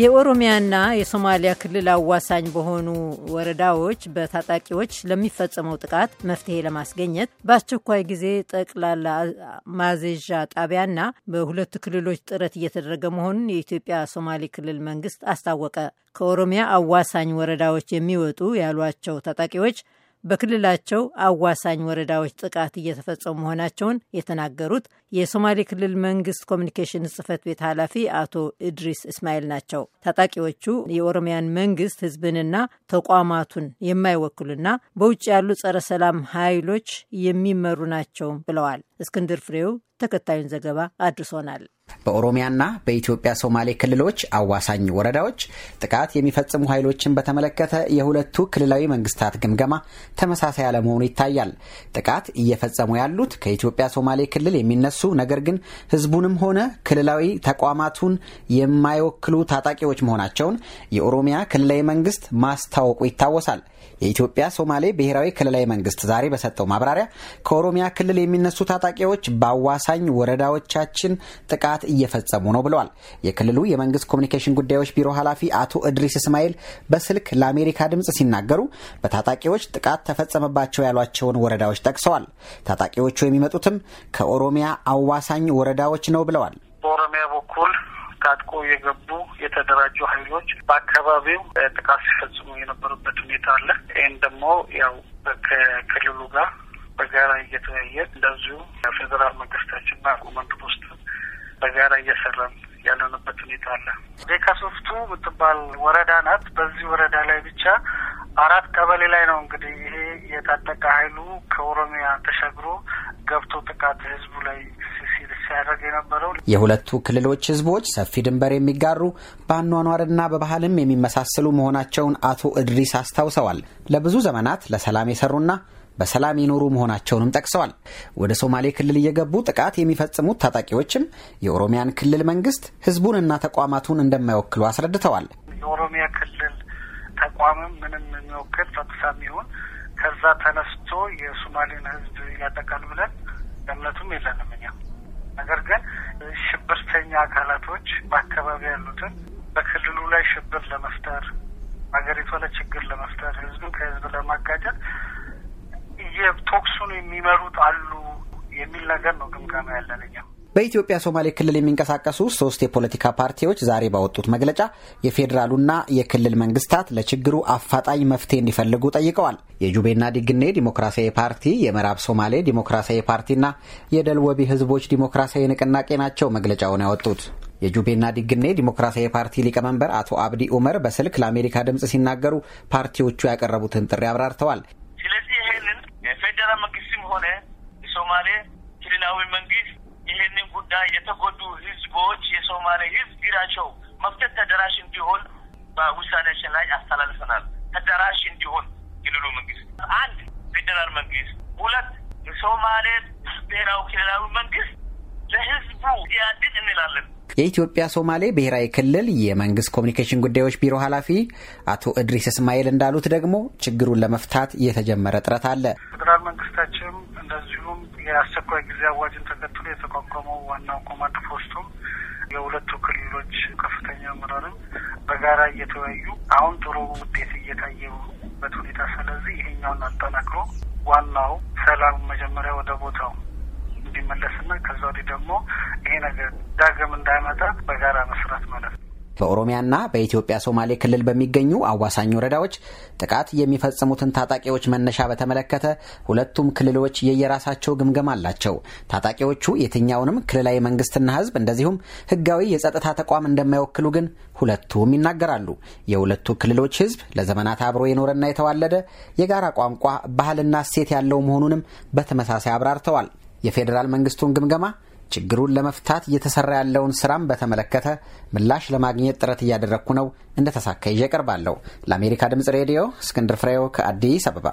የኦሮሚያና የሶማሊያ ክልል አዋሳኝ በሆኑ ወረዳዎች በታጣቂዎች ለሚፈጸመው ጥቃት መፍትሄ ለማስገኘት በአስቸኳይ ጊዜ ጠቅላላ ማዘዣ ጣቢያና በሁለቱ ክልሎች ጥረት እየተደረገ መሆኑን የኢትዮጵያ ሶማሌ ክልል መንግስት አስታወቀ። ከኦሮሚያ አዋሳኝ ወረዳዎች የሚወጡ ያሏቸው ታጣቂዎች በክልላቸው አዋሳኝ ወረዳዎች ጥቃት እየተፈጸሙ መሆናቸውን የተናገሩት የሶማሌ ክልል መንግስት ኮሚኒኬሽን ጽህፈት ቤት ኃላፊ አቶ እድሪስ እስማኤል ናቸው። ታጣቂዎቹ የኦሮሚያን መንግስት ህዝብንና ተቋማቱን የማይወክሉና በውጭ ያሉ ጸረ ሰላም ኃይሎች የሚመሩ ናቸው ብለዋል። እስክንድር ፍሬው ተከታዩን ዘገባ አድርሶናል። በኦሮሚያና በኢትዮጵያ ሶማሌ ክልሎች አዋሳኝ ወረዳዎች ጥቃት የሚፈጽሙ ኃይሎችን በተመለከተ የሁለቱ ክልላዊ መንግስታት ግምገማ ተመሳሳይ አለመሆኑ ይታያል። ጥቃት እየፈጸሙ ያሉት ከኢትዮጵያ ሶማሌ ክልል የሚነሱ ነገር ግን ህዝቡንም ሆነ ክልላዊ ተቋማቱን የማይወክሉ ታጣቂዎች መሆናቸውን የኦሮሚያ ክልላዊ መንግስት ማስታወቁ ይታወሳል። የኢትዮጵያ ሶማሌ ብሔራዊ ክልላዊ መንግስት ዛሬ በሰጠው ማብራሪያ ከኦሮሚያ ክልል የሚነሱ ታጣቂዎች በአዋሳኝ ወረዳዎቻችን ጥቃት ጥቃት እየፈጸሙ ነው ብለዋል። የክልሉ የመንግስት ኮሚኒኬሽን ጉዳዮች ቢሮ ኃላፊ አቶ እድሪስ እስማኤል በስልክ ለአሜሪካ ድምፅ ሲናገሩ በታጣቂዎች ጥቃት ተፈጸመባቸው ያሏቸውን ወረዳዎች ጠቅሰዋል። ታጣቂዎቹ የሚመጡትም ከኦሮሚያ አዋሳኝ ወረዳዎች ነው ብለዋል። በኦሮሚያ በኩል ታጥቆ የገቡ የተደራጁ ኃይሎች በአካባቢው ጥቃት ሲፈጽሙ የነበሩበት ሁኔታ አለ። ይህም ደግሞ ያው ከክልሉ ጋር በጋራ እየተወያየ እንደዚሁ ፌዴራል መንግስታችንና ኮማንድ በጋራ እየሰራን ያለንበት ሁኔታ አለ። ቤካሶፍቱ የምትባል ወረዳ ናት። በዚህ ወረዳ ላይ ብቻ አራት ቀበሌ ላይ ነው እንግዲህ ይሄ የታጠቀ ኃይሉ ከኦሮሚያ ተሸግሮ ገብቶ ጥቃት ህዝቡ ላይ ሲያደርግ የነበረው። የሁለቱ ክልሎች ህዝቦች ሰፊ ድንበር የሚጋሩ በአኗኗርና በባህልም የሚመሳሰሉ መሆናቸውን አቶ እድሪስ አስታውሰዋል። ለብዙ ዘመናት ለሰላም የሰሩና በሰላም የኖሩ መሆናቸውንም ጠቅሰዋል። ወደ ሶማሌ ክልል እየገቡ ጥቃት የሚፈጽሙት ታጣቂዎችም የኦሮሚያን ክልል መንግስት ህዝቡንና ተቋማቱን እንደማይወክሉ አስረድተዋል። የኦሮሚያ ክልል ተቋምም ምንም የሚወክል ጸጥታ የሚሆን ከዛ ተነስቶ የሶማሌን ህዝብ ያጠቃል ብለን እምነቱም የለንም እኛ። ነገር ግን ሽብርተኛ አካላቶች በአካባቢ ያሉትን በክልሉ ላይ ሽብር ለመፍጠር ሀገሪቷ ላይ ችግር ለመፍጠር ህዝብን ከህዝብ ለማጋጨት ፎክሱን የሚመሩት አሉ የሚል ነገር ነው ግምገማ ያለንኛው። በኢትዮጵያ ሶማሌ ክልል የሚንቀሳቀሱ ሶስት የፖለቲካ ፓርቲዎች ዛሬ ባወጡት መግለጫ የፌዴራሉና የክልል መንግስታት ለችግሩ አፋጣኝ መፍትሄ እንዲፈልጉ ጠይቀዋል። የጁቤና ዲግኔ ዲሞክራሲያዊ ፓርቲ፣ የምዕራብ ሶማሌ ዲሞክራሲያዊ ፓርቲና የደልወቢ ህዝቦች ዲሞክራሲያዊ ንቅናቄ ናቸው መግለጫውን ያወጡት። የጁቤና ዲግኔ ዲሞክራሲያዊ ፓርቲ ሊቀመንበር አቶ አብዲ ኡመር በስልክ ለአሜሪካ ድምፅ ሲናገሩ ፓርቲዎቹ ያቀረቡትን ጥሪ አብራርተዋል። የፌዴራል መንግስትም ሆነ የሶማሌ ክልላዊ መንግስት ይህንን ጉዳይ የተጎዱ ህዝቦች የሶማሌ ህዝብ ግራቸው መፍትሄ ተደራሽ እንዲሆን በውሳኔያችን ላይ አስተላልፈናል። ተደራሽ እንዲሆን ክልሉ መንግስት አንድ ፌዴራል መንግስት ሁለት የሶማሌ ብሔራዊ ክልላዊ መንግስት ለህዝቡ እንችላለን። የኢትዮጵያ ሶማሌ ብሔራዊ ክልል የመንግስት ኮሚኒኬሽን ጉዳዮች ቢሮ ኃላፊ አቶ እድሪስ እስማኤል እንዳሉት ደግሞ ችግሩን ለመፍታት የተጀመረ ጥረት አለ። ፌዴራል መንግስታችንም እንደዚሁም የአስቸኳይ ጊዜ አዋጅን ተከትሎ የተቋቋመው ዋናው ኮማንድ ፖስቱም የሁለቱ ክልሎች ከፍተኛ አመራርም በጋራ እየተወያዩ አሁን ጥሩ ውጤት እየታየበት ሁኔታ ስለዚህ ይሄኛውን አጠናክሮ ዋናው ሰላም መጀመሪያ ወደ ቦታው እንዲመለስና ከዛ ወዲህ ደግሞ ይሄ ነገር ዳግም እንዳይመጣ በጋራ መስራት ማለት ነው። በኦሮሚያና በኢትዮጵያ ሶማሌ ክልል በሚገኙ አዋሳኝ ወረዳዎች ጥቃት የሚፈጽሙትን ታጣቂዎች መነሻ በተመለከተ ሁለቱም ክልሎች የየራሳቸው ግምገማ አላቸው። ታጣቂዎቹ የትኛውንም ክልላዊ መንግስትና ሕዝብ እንደዚሁም ሕጋዊ የጸጥታ ተቋም እንደማይወክሉ ግን ሁለቱም ይናገራሉ። የሁለቱ ክልሎች ሕዝብ ለዘመናት አብሮ የኖረና የተዋለደ የጋራ ቋንቋ፣ ባህልና እሴት ያለው መሆኑንም በተመሳሳይ አብራርተዋል። የፌዴራል መንግስቱን ግምገማ፣ ችግሩን ለመፍታት እየተሰራ ያለውን ስራም በተመለከተ ምላሽ ለማግኘት ጥረት እያደረግኩ ነው። እንደተሳካ ይዤ ቀርባለሁ። ለአሜሪካ ድምፅ ሬዲዮ እስክንድር ፍሬው ከአዲስ አበባ